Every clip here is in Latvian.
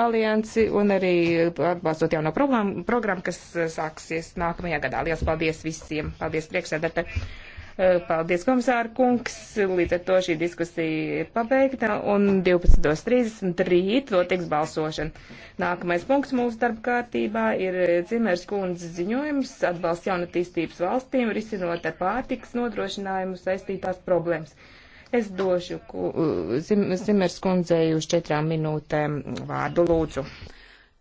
aliansi un arī atbalstot jauno programmu, programmu kas eh, sāksies nākamajā gadā. Lielas paldies visiem! Paldies priekšsēdētāji! Eh, paldies, komisāra kungs. Līdz ar to šī diskusija ir pabeigta un 12.30 rīt notiks balsošana. Nākamais punkts mūsu darba kārtībā ir eh, Cimers kundzes ziņojums atbalsts jaunatīstības valstīm risinot ar pārtikas nodrošinājumu saistītās problēmas. Es došu Zim, Zimers kundzei uz četrām minūtēm vārdu lūdzu.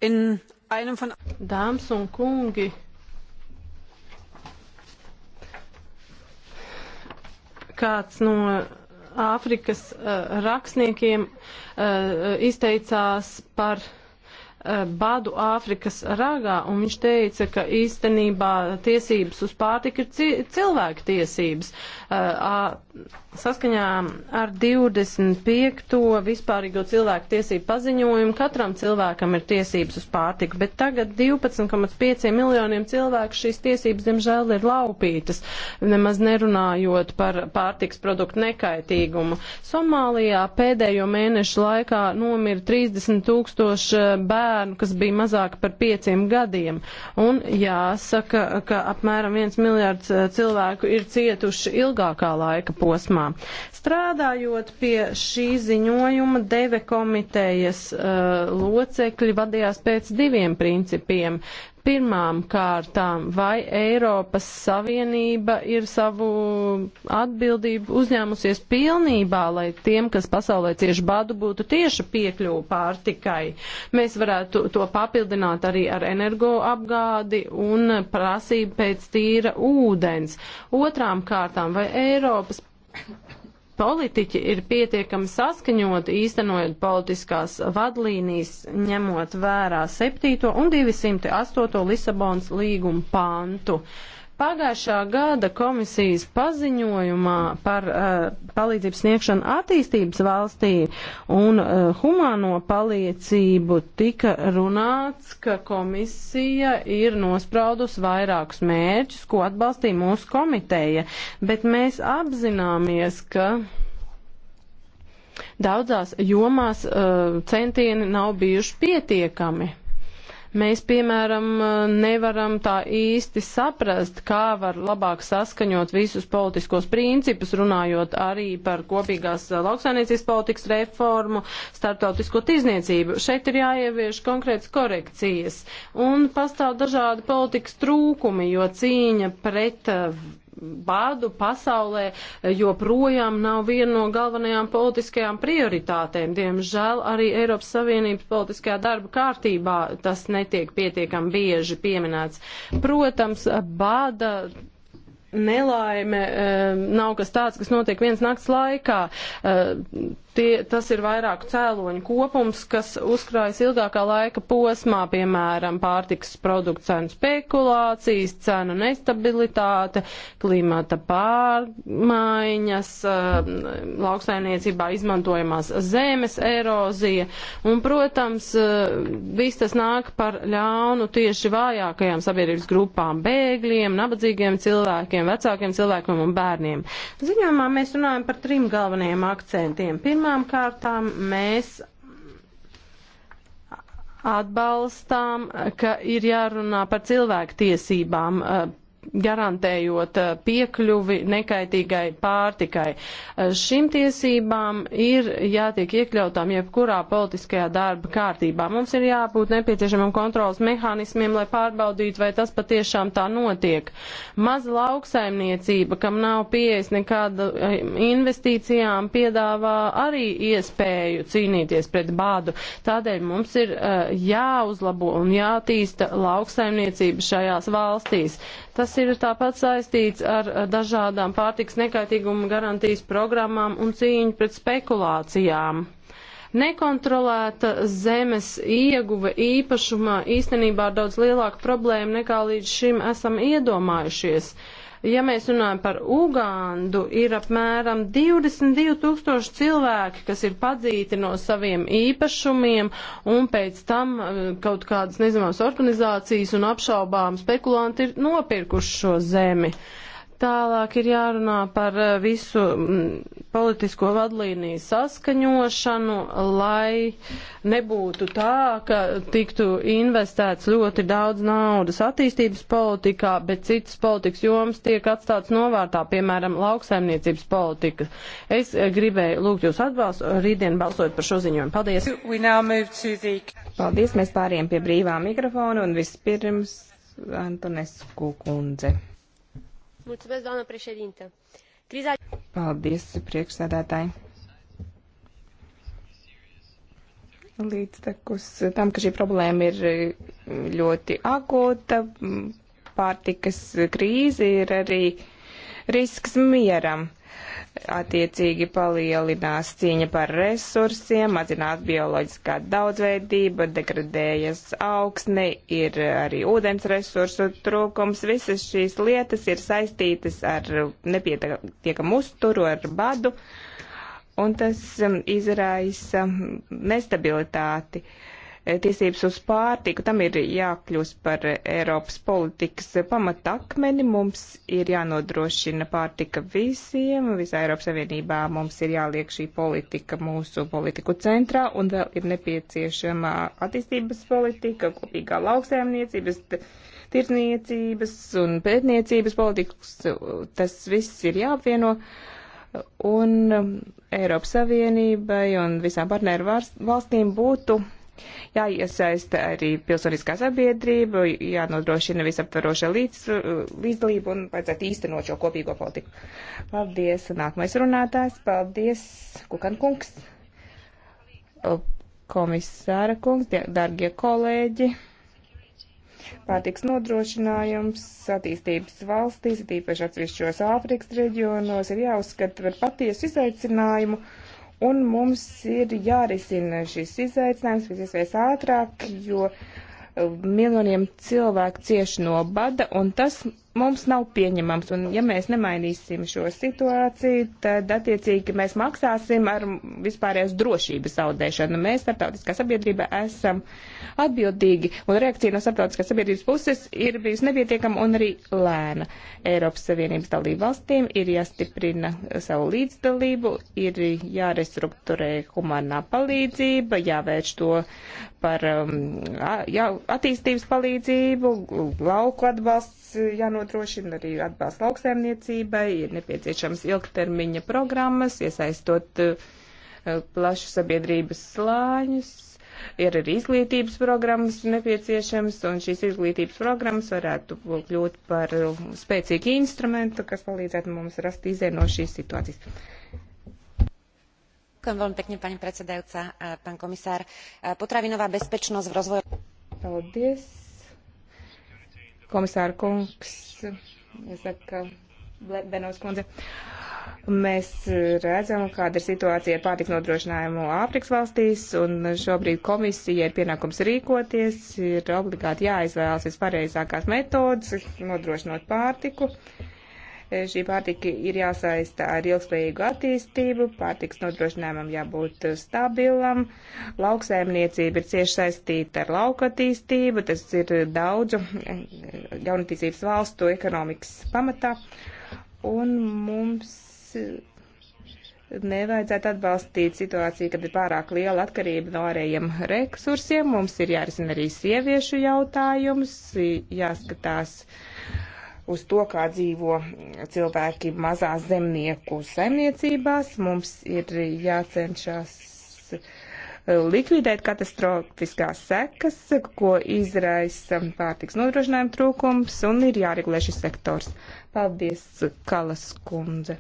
In einem von... Dāmas un kungi, kāds no Āfrikas uh, rakstniekiem uh, izteicās par uh, Eh, badu Āfrikas ragā, un viņš teica, ka īstenībā tiesības uz pārtiku ir cilvēku tiesības. Eh, saskaņā ar 25. vispārīgo cilvēku tiesību paziņojumu katram cilvēkam ir tiesības uz pārtiku, bet tagad 12,5 miljoniem cilvēku šīs tiesības, diemžēl, ir laupītas, nemaz nerunājot par pārtiks produktu nekaitīgumu. Somālijā pēdējo mēnešu laikā nomira 30 tūkstoši eh, bērnu bērnu, kas bija mazāk par pieciem gadiem. Un jāsaka, ka apmēram viens miljards eh, cilvēku ir cietuši ilgākā laika posmā. Strādājot pie šī ziņojuma, deve komitejas uh, locekļi vadījās pēc diviem principiem. Pirmām kārtām, vai Eiropas Savienība ir savu atbildību uzņēmusies pilnībā, lai tiem, kas pasaulē cieši badu, būtu tieši piekļuva pārtikai? Mēs varētu to papildināt arī ar energoapgādi un prasību pēc tīra ūdens. Otrām kārtām, vai Eiropas politiķi ir pietiekami saskaņoti, īstenojot politiskās vadlīnijas, ņemot vērā 7. un 208. Lisabonas līguma pantu. Uh, Pagājušā gada komisijas paziņojumā par uh, palīdzības sniegšanu attīstības valstī un uh, humāno palīdzību tika runāts, ka komisija ir nospraudus vairākus mērķus, ko atbalstīja mūsu komiteja, bet mēs apzināmies, ka. Daudzās jomās uh, centieni nav bijuši pietiekami. Mēs, piemēram, nevaram tā īsti saprast, kā var labāk saskaņot visus politiskos principus, runājot arī par kopīgās eh, lauksainiecības politikas reformu, starptautisko tirzniecību. Šeit ir jāievieš konkrētas korekcijas un pastāv dažādi politikas trūkumi, jo cīņa pret eh, bādu pasaulē joprojām nav viena no galvenajām politiskajām prioritātēm. Diemžēl arī Eiropas Savienības politiskajā darba kārtībā tas netiek pietiekam bieži pieminēts. Protams, bāda nelaime eh, nav kas tāds, kas notiek viens nakts laikā eh, Tie, tas ir vairāku cēloņu kopums, kas uzkrājas ilgākā laika posmā, piemēram, pārtikas produktu cenu spekulācijas, cenu nestabilitāte, klimata pārmaiņas, um, lauksainiecībā izmantojamās zemes erozija. Un, protams, uh, viss tas nāk par ļaunu tieši vājākajām sabiedrības grupām - bēgļiem, nabadzīgiem cilvēkiem, vecākiem cilvēkiem un bērniem. Ziņojumā mēs runājam par trim galvenajiem akcentiem. Pirmā Pirmām kārtām mēs atbalstām, ka ir jārunā par cilvēku tiesībām, garantējot eh, piekļuvi nekaitīgai pārtikai. Eh, šim tiesībām ir jātiek iekļautām jebkurā politiskajā darba kārtībā. Mums ir jābūt nepieciešamam kontrolas mehānismiem, lai pārbaudītu, vai tas patiešām tā notiek. Maza lauksaimniecība, kam nav pieejas nekāda eh, investīcijām, piedāvā arī iespēju cīnīties pret bādu. Tādēļ mums ir jāuzlabo un jātīsta lauksaimniecība šajās valstīs. Tas tas ir tāpat saistīts ar dažādām pārtiks nekaitīguma garantijas programmām un cīņu pret spekulācijām. Nekontrolēta zemes ieguve īpašumā īstenībā ir daudz lielāka problēma nekā līdz šim esam iedomājušies. Uh, Ja mēs runājam par Ugandu, ir apmēram 22 tūkstoši cilvēki, kas ir padzīti no saviem īpašumiem un pēc tam eh, kaut kādas nezināmas organizācijas un apšaubām spekulanti ir nopirkuši šo zemi. Uh, Tālāk ir jārunā par eh, visu mm, politisko vadlīniju saskaņošanu, lai nebūtu tā, ka tiktu investēts ļoti daudz naudas attīstības politikā, bet citas politikas jomas tiek atstāts novārtā, piemēram, lauksaimniecības politika. Es eh, gribēju lūgt jūs atbalstu, rītdien balsot par šo ziņojumu. Paldies! The... Paldies, mēs pāriem pie brīvā mikrofona un vispirms Antonesku kundze. Mulțumesc, doamnă președintă. Criza... Paldies, priekšsēdētāji. Līdz tekus tam, ka šī problēma ir ļoti akūta, pārtikas krīze ir arī risks mieram attiecīgi palielinās cīņa par resursiem, mazinās bioloģiskā daudzveidība, degradējas augsne, ir arī ūdens resursu trūkums. Visas šīs lietas ir saistītas ar nepietiekamu uzturu, ar badu, un tas um, izraisa nestabilitāti. Uh, tiesības uz pārtiku, tam ir jākļūst par Eiropas politikas pamatakmeni. Mums ir jānodrošina pārtika visiem, visā Eiropas Savienībā mums ir jāliek šī politika mūsu politiku centrā un vēl ir nepieciešama attīstības politika, kopīgā lauksēmniecības, tirdzniecības un pētniecības politikas. Tas viss ir jāapvieno un Eiropas Savienībai un visām partneru valstīm būtu Jāiesaista arī pilsoniskā sabiedrība, jānodrošina visaptvaroša līdz, līdzdalība un vajadzētu īstenot šo kopīgo politiku. Paldies. Nākamais runātājs. Paldies, Kukan kungs. Komisāra kungs, dargie kolēģi pārtiks nodrošinājums attīstības valstīs, tīpaši atsevišķos Āfrikas reģionos, ir jāuzskata par patiesu izaicinājumu Un mums ir jārisina šis izaicinājums pēc iespējas ātrāk, jo eh, miljoniem cilvēku cieši no bada, un tas mums nav pieņemams, un ja mēs nemainīsim šo situāciju, tad attiecīgi mēs maksāsim ar vispārējās drošības zaudēšanu. Mēs starptautiskā sabiedrība esam atbildīgi, un reakcija no starptautiskās sabiedrības puses ir bijusi nepietiekama un arī lēna. Eiropas Savienības dalību valstīm ir jāstiprina savu līdzdalību, ir jārestruktūrē humanā palīdzība, jāvērš to par um, jā, attīstības palīdzību, lauku atbalsts, jāno jānodrošina arī atbalsts lauksaimniecībai, ir nepieciešams ilgtermiņa programmas, iesaistot uh, plašu sabiedrības slāņus, ir arī izglītības programmas nepieciešams, un šīs izglītības programmas varētu kļūt par uh, spēcīgu instrumentu, kas palīdzētu mums rast izē no šīs situācijas. Ďakujem veľmi pekne, pani predsedajúca, pán komisár. Potravinová bezpečnosť v rozvoji. Paldies komisāra kungs, es saku, Benovs kundze, mēs redzam, kāda ir situācija ar pārtiks nodrošinājumu Āfrikas valstīs, un šobrīd komisija ir pienākums rīkoties, ir obligāti jāizvēlas vispareizākās metodas, nodrošinot pārtiku. Uh, Šī pārtika ir jāsaista ar ilgspējīgu attīstību, pārtiks nodrošinājumam jābūt stabilam, lauksēmniecība ir cieši saistīta ar lauka attīstību, tas ir daudzu jaunatīstības valstu ekonomikas pamatā, un mums nevajadzētu atbalstīt situāciju, kad ir pārāk liela atkarība no ārējiem resursiem. Mums ir jārisina arī sieviešu jautājums, jāskatās uz to, kā dzīvo cilvēki mazās zemnieku saimniecībās. Mums ir jācenšas eh, likvidēt katastrofiskās sekas, ko izraisa pārtiks nodrošinājuma trūkums, un ir jāregulē šis sektors. Paldies, Kalas kundze.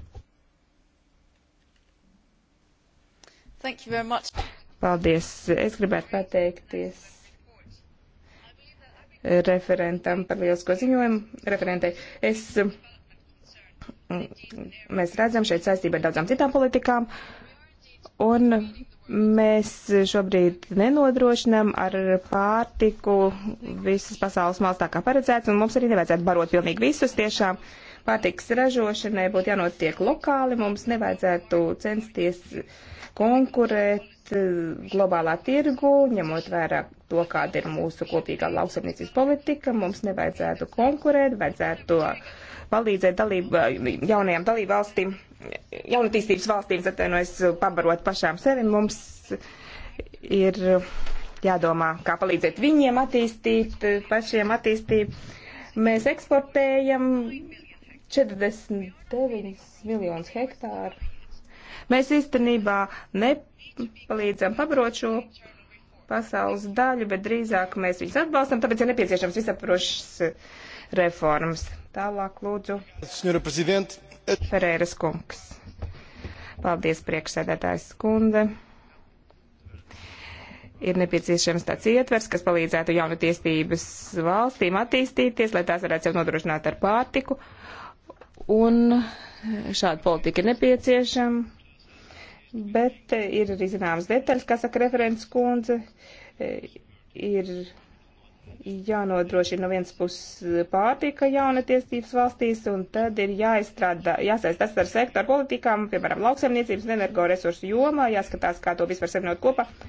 Thank you very much. Paldies. Es gribētu pateikties referentam par lielisko ziņojumu. Referentei, es, mm, mēs redzam šeit saistību ar daudzām citām politikām, un mēs šobrīd nenodrošinām ar pārtiku visas pasaules malas tā kā paredzēts, un mums arī nevajadzētu barot pilnīgi visus tiešām. Pārtiks ražošanai būtu jānotiek lokāli, mums nevajadzētu censties konkurēt eh, globālā tirgu, ņemot vērā to, kāda ir mūsu kopīgā lauksaimniecības politika. Mums nevajadzētu konkurēt, vajadzētu palīdzēt dalību, jaunajām dalību valstīm, jaunatīstības valstīm, atvainojas, nu, pabarot pašām sevi. Mums ir jādomā, kā palīdzēt viņiem attīstīt, pašiem attīstīt. Mēs eksportējam 49 miljonus hektāru. Mēs īstenībā nepalīdzam pabarot šo pasaules daļu, bet drīzāk mēs viņus atbalstam, tāpēc ir nepieciešams visaprošas eh, reformas. Tālāk lūdzu. Ferēras kungs. Paldies, priekšsēdētājs skunde. Ir nepieciešams tāds ietvers, kas palīdzētu jaunatiestības valstīm attīstīties, lai tās varētu sev nodrošināt ar pārtiku. Un šāda politika ir nepieciešama bet eh, ir arī zināmas detaļas, kā saka referents kundze, eh, ir jānodrošina no vienas puses pārtika jaunatiestības valstīs, un tad ir jāizstrādā, jāsaistās ar sektoru politikām, piemēram, lauksaimniecības un energoresursu jomā, jāskatās, kā to vispār savienot kopā. Uh,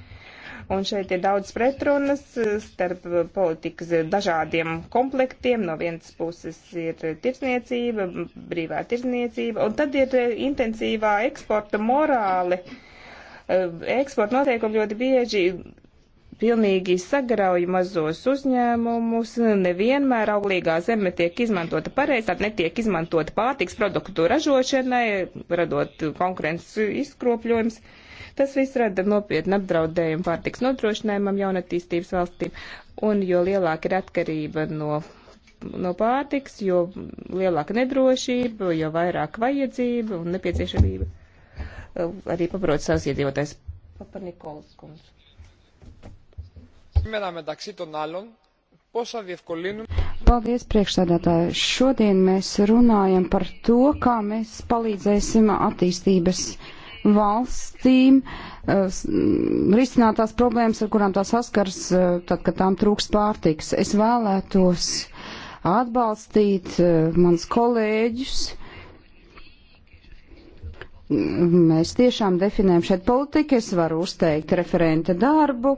Un šeit ir daudz pretrunas eh, starp eh, politikas eh, dažādiem komplektiem. No vienas puses ir tirsniecība, brīvā tirsniecība, un tad ir intensīvā eksporta morāle. Eksporta noteikumi ļoti bieži pilnīgi sagrauj mazos uzņēmumus. Nevienmēr auglīgā zeme tiek izmantota pareizi, tad netiek izmantota pārtiks produktu ražošanai, radot konkurences izkropļojums. Uh, Tas viss rada nopietnu apdraudējumu pārtiks nodrošinājumam jaunatīstības valstīm, un jo lielāka ir atkarība no, no pārtiks, jo lielāka nedrošība, jo vairāk vajadzība un nepieciešamība uh, arī paprot savus iedzīvotājs. Papa Nikolas kungs. Σήμερα μεταξύ των άλλων πώς θα διευκολύνουμε Paldies, priekšsēdētāji. Šodien mēs runājam par to, kā mēs palīdzēsim attīstības valstīm eh, risināt tās problēmas, ar kurām tās saskars, eh, tad, kad tām trūks pārtiks. Es vēlētos atbalstīt eh, mans kolēģus. Mēs tiešām definējam šeit politiku, es varu uzteikt referenta darbu.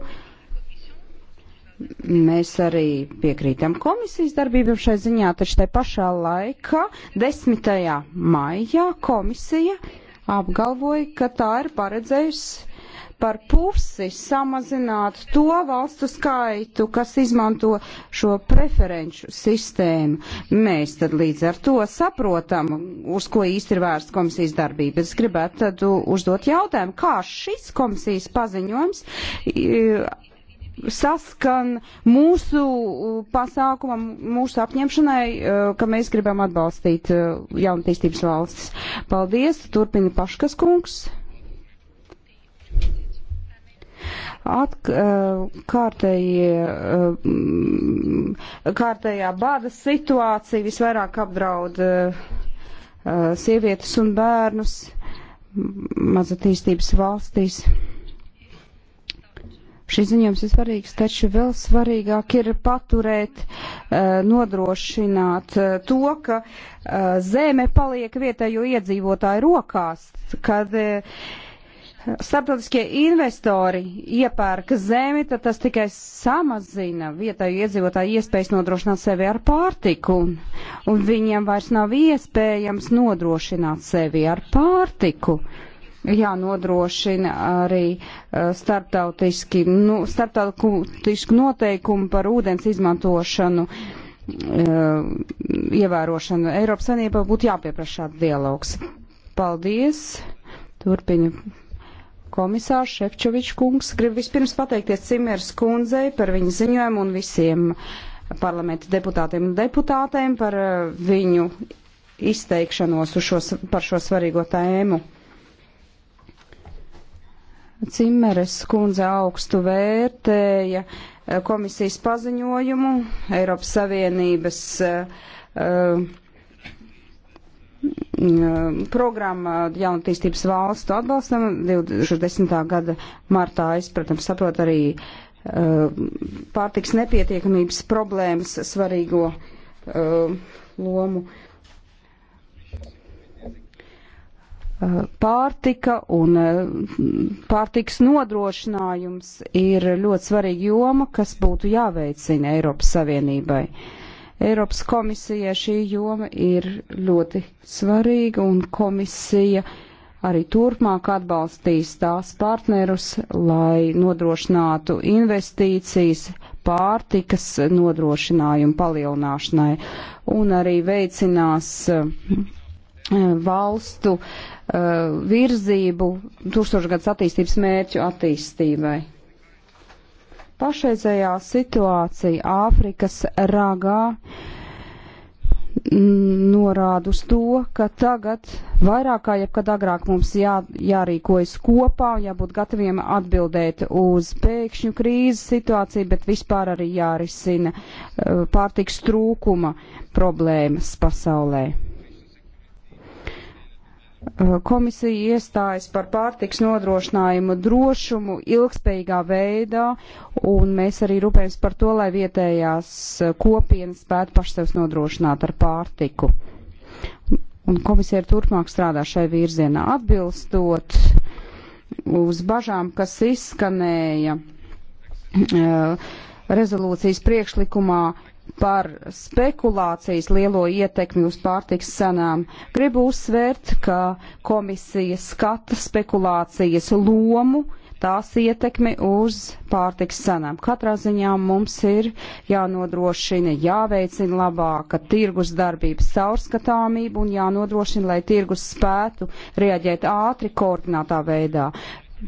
Mēs arī piekrītam komisijas darbībam šai ziņā, taču tai pašā laikā 10. maijā komisija uh, apgalvoja, ka tā ir paredzējusi par pusi samazināt to valstu skaitu, kas izmanto šo preferenču sistēmu. Mēs tad līdz ar to saprotam, uz ko īsti ir vērsts komisijas darbība. Es gribētu tad uzdot jautājumu, kā šis komisijas paziņojums saskan mūsu uh, pasākumam, mūsu apņemšanai, uh, ka mēs gribam atbalstīt uh, jaunatīstības valstis. Paldies, turpina Paškas kungs. Atkārtējie, kārtējā bāda situācija visvairāk apdraud sievietes un bērnus mazatīstības valstīs. Šis ziņojums ir svarīgs, taču vēl svarīgāk ir paturēt, eh, nodrošināt eh, to, ka eh, zeme paliek vietējo iedzīvotāju rokās, kad starptautiskie investori iepērka zemi, tad tas tikai samazina vietēju iedzīvotāju iespējas nodrošināt sevi ar pārtiku, un viņiem vairs nav iespējams nodrošināt sevi ar pārtiku jānodrošina arī eh, starptautiski, nu, starptautiski noteikumi par ūdens izmantošanu, eh, ievērošanu. Eiropas Savienībā būtu jāpieprasa šāds dialogs. Paldies! Turpinu komisārs Šefčovičs kungs. Gribu vispirms pateikties Cimers kundzei par viņas ziņojumu un visiem parlamenta deputātiem un deputātēm par eh, viņu izteikšanos šo, par šo svarīgo tēmu. Cimeres kundze augstu vērtēja eh, komisijas paziņojumu Eiropas Savienības uh, programma jaunatīstības valstu atbalstam 2010. gada martā. Es, protams, saprotu arī uh, pārtiks nepietiekamības problēmas svarīgo uh, lomu. Eh, pārtika un eh, pārtiks nodrošinājums ir ļoti svarīga joma, kas būtu jāveicina Eiropas Savienībai. Eiropas komisijai šī joma ir ļoti svarīga un komisija arī turpmāk atbalstīs tās partnerus, lai nodrošinātu investīcijas pārtikas nodrošinājumu palielināšanai un arī veicinās eh, Eh, valstu eh, virzību tūkstošgadus attīstības mērķu attīstībai. Pašreizējā situācija Āfrikas ragā norāda uz to, ka tagad vairāk kā jebkad agrāk mums jā, jārīkojas kopā, jābūt gataviem atbildēt uz pēkšņu krīzes situāciju, bet vispār arī jārisina eh, pārtiks trūkuma problēmas pasaulē. Uh, komisija iestājas par pārtiks nodrošinājumu drošumu ilgspējīgā veidā, un mēs arī rūpējamies par to, lai vietējās uh, kopienas spētu paši sevs nodrošināt ar pārtiku. Un komisija ir turpmāk strādā šai virzienā atbilstot uz bažām, kas izskanēja. Uh, rezolūcijas priekšlikumā par spekulācijas lielo ietekmi uz pārtiks cenām. Gribu uzsvērt, ka komisija skata spekulācijas lomu, tās ietekmi uz pārtiks cenām. Katrā ziņā mums ir jānodrošina, jāveicina labāka tirgus darbības caurskatāmība un jānodrošina, lai tirgus spētu reaģēt ātri, koordinātā veidā.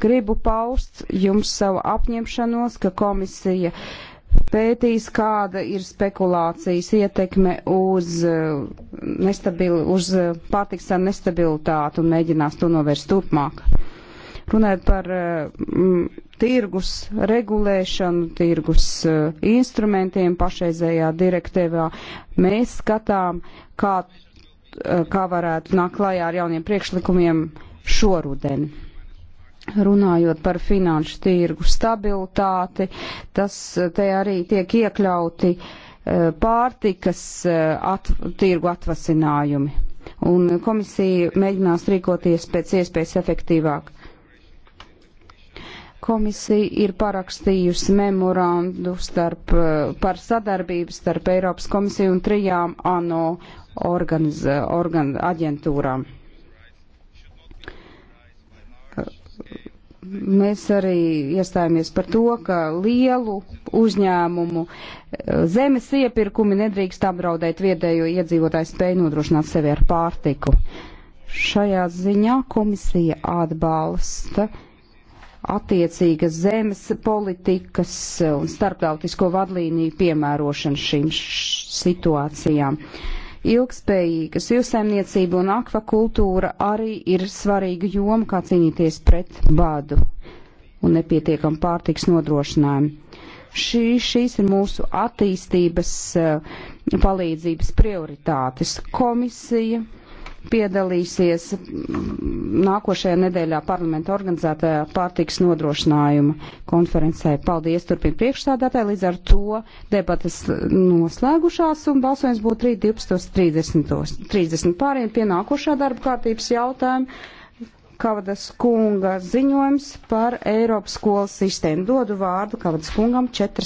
Gribu paust jums savu apņemšanos, ka komisija uh, pētīs, kāda ir spekulācijas ietekme uz, eh, nestabil, uz eh, pārtiks ar nestabilitātu un mēģinās to novērst turpmāk. Runājot par mm, tirgus regulēšanu, tirgus uh, instrumentiem pašreizējā direktīvā, mēs skatām, kā, kā varētu nākt klajā ar jauniem priekšlikumiem šoruden runājot par finanšu tirgu stabilitāti, tas eh, te arī tiek iekļauti eh, pārtikas eh, at, tirgu atvasinājumi. Un komisija mēģinās rīkoties pēc iespējas efektīvāk. Komisija ir parakstījusi memorandu starp, par sadarbību starp Eiropas komisiju un trijām ANO organiz, organ, aģentūrām. Mēs arī iestājāmies par to, ka lielu uzņēmumu eh, zemes iepirkumi nedrīkst apdraudēt viedējo iedzīvotāju spēju nodrošināt sevi ar pārtiku. Šajā ziņā komisija atbalsta attiecīgas zemes politikas un starptautisko vadlīniju piemērošanu šīm situācijām. Uh, Ilgspējīga zivsaimniecība un akvakultūra arī ir svarīga joma, kā cīnīties pret badu un nepietiekam pārtiks nodrošinājumu. Šī, šīs ir mūsu attīstības eh, palīdzības prioritātes. Komisija piedalīsies nākošajā nedēļā parlamenta organizētajā pārtiks nodrošinājuma konferencē. Paldies, turpina priekšstādātāji, līdz ar to debatas noslēgušās un balsojums būtu rīt 12.30. 30 pāriem pie nākošā darba kārtības jautājuma. Kavadas kunga ziņojums par Eiropas skolas sistēmu. Dodu vārdu Kavadas kungam četras.